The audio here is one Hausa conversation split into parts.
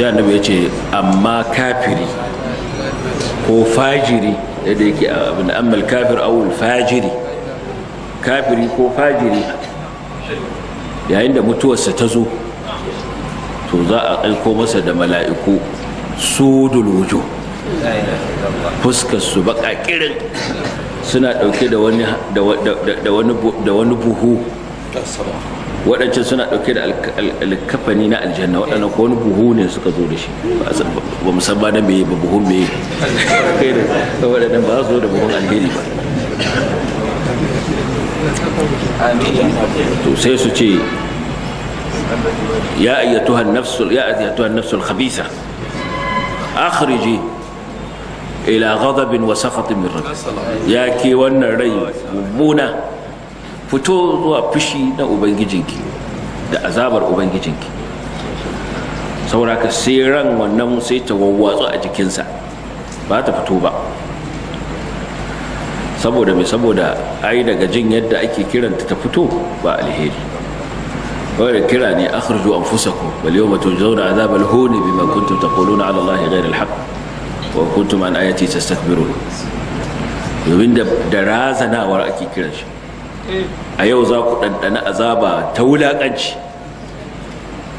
sai annabi ya ce amma kafiri ko fajiri da yake abin ammal kafir awul fajiri kafiri ko fajiri yayin da mutuwarsa ta zo to za a aiko masa da mala'iku su wujuh fuskar su baka kirin suna dauke da wani da wani buhu waɗancan suna ɗauke da alkafani na aljanna waɗannan ko wani buhu ne suka zo da shi ba musamman na meye ba buhun meye waɗannan ba zo da buhun alheri ba to sai su ce ya ayyatuha nafsul ya ayyatuha nafsul khabisa akhriji ila ghadabin wa sakhatin min rabbik ya ke wannan rai mummuna fito zuwa fushi na ubangijinki da azabar ubangijinki sauraka sai ran wannan sai ta wawwatsu a jikinsa ba ta fito ba saboda mai saboda ai daga jin yadda ake kiranta ta fito ba alheri wadda kira ne akhruju anfusakum wal yawma tujzauna azab al huni bima kuntum taquluna ala allahi ghayr al alhaq wa kuntum an ayati tastakbirun domin da razanawar ake kiran shi a yau za ku ɗanɗana azaba ta wulaƙanci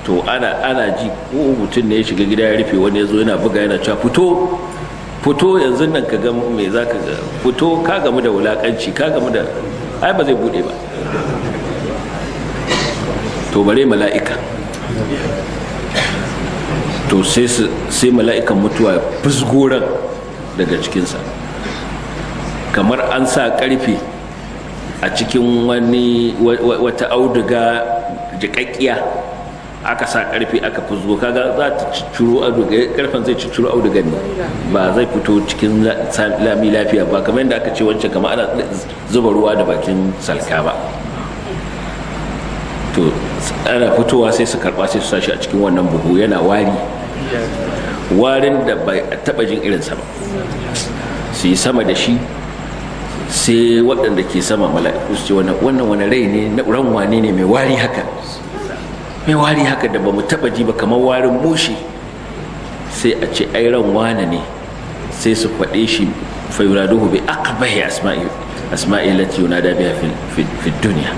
to ana ana ji ko mutum ne ya shiga gida ya rufe wani ya zo yana buga yana cewa fito fito yanzu nan ka ga me za ka ga fito ka gamu da wulaƙanci ka gamu da ai ba zai buɗe ba to bare mala'ika to sai mala'ikan mutuwa fusgoran daga cikinsa kamar an sa ƙarfe a cikin wani wata auduga jiƙaƙƙiya aka sa ƙarfi aka fuzgo kaga za ta ciciro auduga eh, ƙarfen zai ciciro auduga ne ba zai fito cikin lami lafiya ba kamar yadda aka ce wance kama ana zuba ruwa da bakin salka ba to ana fitowa sai su karɓa sai su sashi a cikin wannan buhu yana wari warin da bai taɓa jin irinsa ba su yi sama da shi sai waɗanda ke sama mala'iku su ce wannan wani rai ne na ran wani ne mai wari haka mai wari haka da ba mu taɓa ji ba kamar warin mushi sai a ce ai ran wani ne sai su faɗe shi fayuraduhu bi aqbahi asma'i asma'i lati da biya fi duniya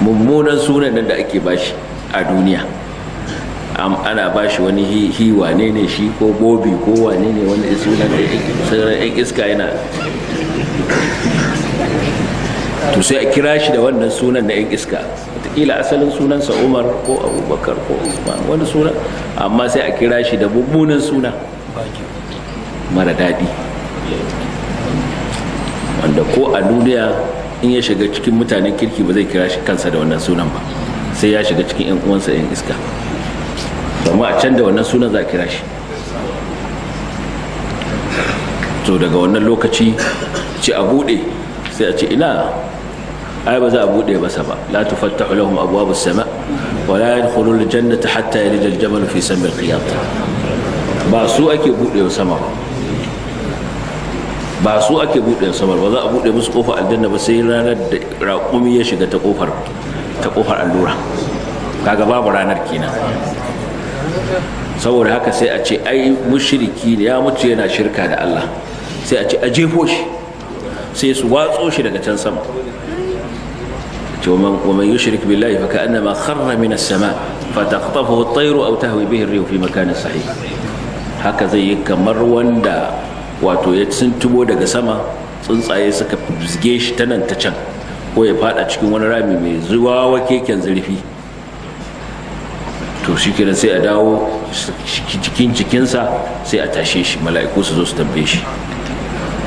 mummunan sunan nan da ake bashi a duniya ana ba shi wani hi wane ne shi ko bobi ko wane ne wani sunan da yan iska yana to sai a kira shi da wannan sunan da yan iska wataƙila asalin sunansa umar ko abubakar ko usman wani sunan amma sai a kira shi da mummunan suna mara daɗi wanda ko a duniya in ya shiga cikin mutanen kirki ba zai kira shi kansa da wannan sunan ba sai ya shiga cikin 'yan uwansa 'yan iska domin a can da wannan sunan za a kira shi to daga wannan lokaci ce a bude sai a ce ina ai ba za a buɗe masa ba la tufattahu lahum abwabus sama wa la yadkhulul jannata hatta yalija al-jamal fi sammi al-qiyam ba su ake buɗe sama ba ba su ake buɗe sama ba za a buɗe musu kofar aljanna ba sai ranar da raƙumi ya shiga ta kofar ta kofar allura kaga babu ranar kenan saboda haka sai a ce ai mushriki ne ya mutu yana shirka da Allah sai a ce a jefo shi sai su watso shi daga can sama to man kuma yushrik billahi fa ka'annama kharra min as-sama fa taqtafuhu at-tayru aw tahwi bihi ar-rih fi makanin sahih haka zai yi kamar wanda wato ya tsintubo daga sama tsuntsaye suka fizge shi ta nan ta can ko ya fada cikin wani rami mai zuwa keken zurfi to shi kenan sai a dawo cikin cikinsa sai a tashe shi mala'iku su zo su tambaye shi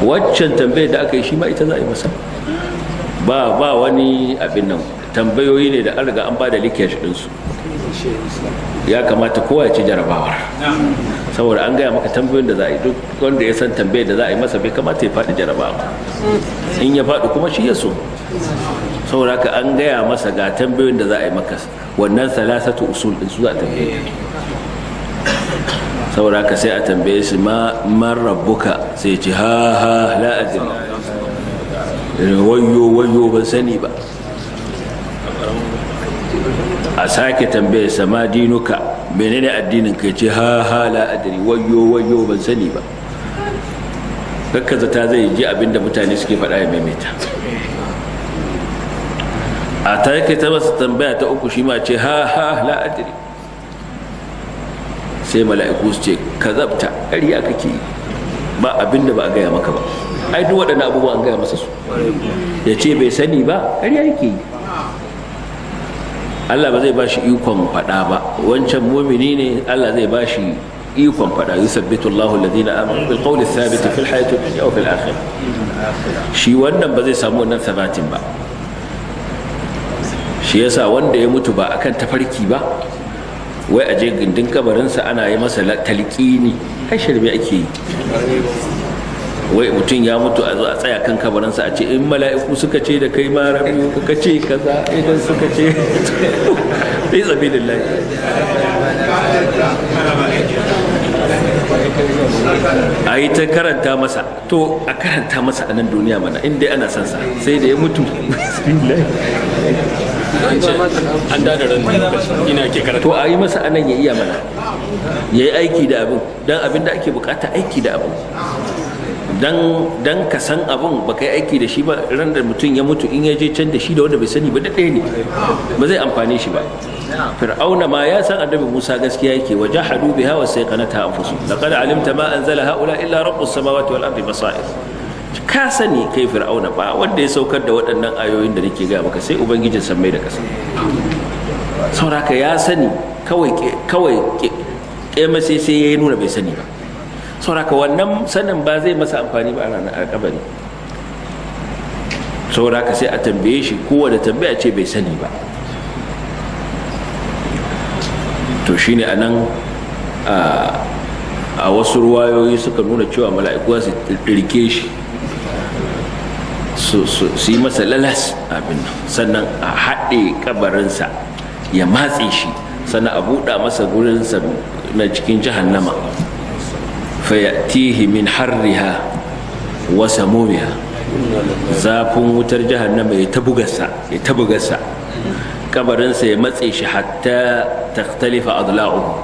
waccan tambayar da aka yi shi ma ita za a yi masa ba ba wani abin nan tambayoyi ne da an riga an ba da din ɗinsu ya kamata kowa ya ci jarabawar saboda an gaya maka tambayoyin da za a yi duk wanda ya san tambayar da za a yi masa bai kamata ya faɗi jarabawa in ya faɗi kuma shi ya so saboda haka an gaya masa ga tambayoyin da za a yi maka wannan salasatu usul din su za a tambaye saboda haka sai a tambaye shi ma man rabbuka sai ci ha ha la adri wayo wayo ban sani ba a sake tambaye sa ma dinuka menene addinin ka ce ha ha la adri wayo wayo ban sani ba kakkaza ta zai ji abinda mutane suke faɗa ya maimaita a ta yake ta masa tambaya ta uku shi ma ce ha ha la adri sai mala'iku su ce kazabta ƙarya kake ba abin da ba a gaya maka ba ai duk waɗannan abubuwa an gaya masa su ya ce bai sani ba ƙarya yake yi Allah ba zai bashi ikon faɗa ba wancan mumini ne Allah zai bashi ikon faɗa yusabbitu Allahu alladhina amanu bil qawli thabit fil hayati dunya wa fil akhirah shi wannan ba zai samu wannan sabatin ba shi yasa wanda ya mutu ba akan tafarki ba wai aje gindin kabarinsa ana yi masa ne kai shirme ake yi wai mutum ya mutu a zo a tsaya kan kabarinsa a ce in mala'iku suka ce da kai ma rabi ka ce kaza idan suka ce bi sabilillah a yi ta karanta masa to a karanta masa a nan duniya mana inda ana sansa sai da ya mutu bismillah an ce an dada ran ina ke karatu to a yi masa anan ya iya mana ya yi aiki da abin don abin da ake bukata aiki da abin don ka san abin baka yi aiki da shi ba ran da mutum ya mutu in ya je can da shi da wanda bai sani ba da ne ba zai amfani shi ba fir'auna ma ya san annabi Musa gaskiya yake wa jahadu biha wa amfusu. da laqad alimta ma anzala haula illa rabbus samawati wal ardi basair ka sani kai fir'auna ba wanda ya saukar da waɗannan ayoyin da nake gaya maka sai ubangijin mai da ƙasa sauraka ya sani kawai kawai sai sai ya nuna bai sani ba sauraka wannan sanin ba zai masa amfani ba a kabari sauraka sai a tambaye shi da tambaya ce bai sani ba to shine anan a wasu ruwayoyi suka nuna cewa mala'iku su rike shi su yi masa lalas abin sannan a haɗe kabarinsa ya matse shi sannan a buɗa masa gurinsa na cikin jahannama fayatihi min harriha wa samumiha zafin wutar jahannama ya tabugarsa ya tabugarsa kabarinsa ya matse shi hatta takhtalifa adla'uhu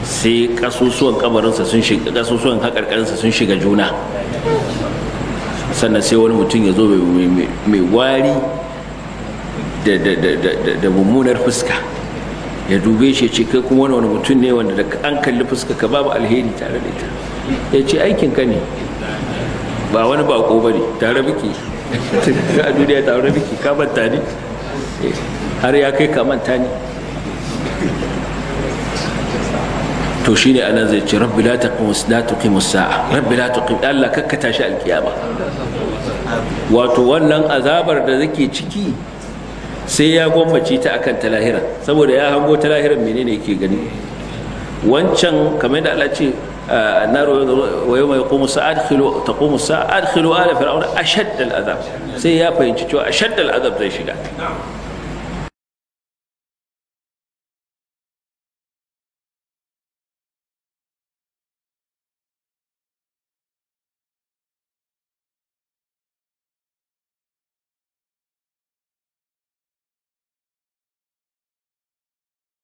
sai kasusuwan kabarinsa sun shiga kasusuwan haƙarƙarinsa sun shiga juna sannan sai wani mutum ya zo mai wari da mummunar fuska ya dube shi ce kai kuma wani mutum ne wanda da an kalli fuska ka babu alheri tare da ita ya ce aikin ka ne ba wani ba ba ne tare biki a duniya tare biki ka manta ne eh, har ya kai ka manta ne to shi shine anan zai ce rabbi la taqimus la tuqimus sa'a rabbi la tuqim Allah kakka tashi alkiyama wato wannan azabar da zake ciki sai ya gwammace ta akan ta lahira saboda ya hango ta lahira menene yake gani wancan kamar da Allah ce النار ويوم يقوم الساعة أدخلوا تقوم الساعة أدخلوا آل فرعون أشد الأذاب سيابين تشوى أشد الأذاب زي شقاك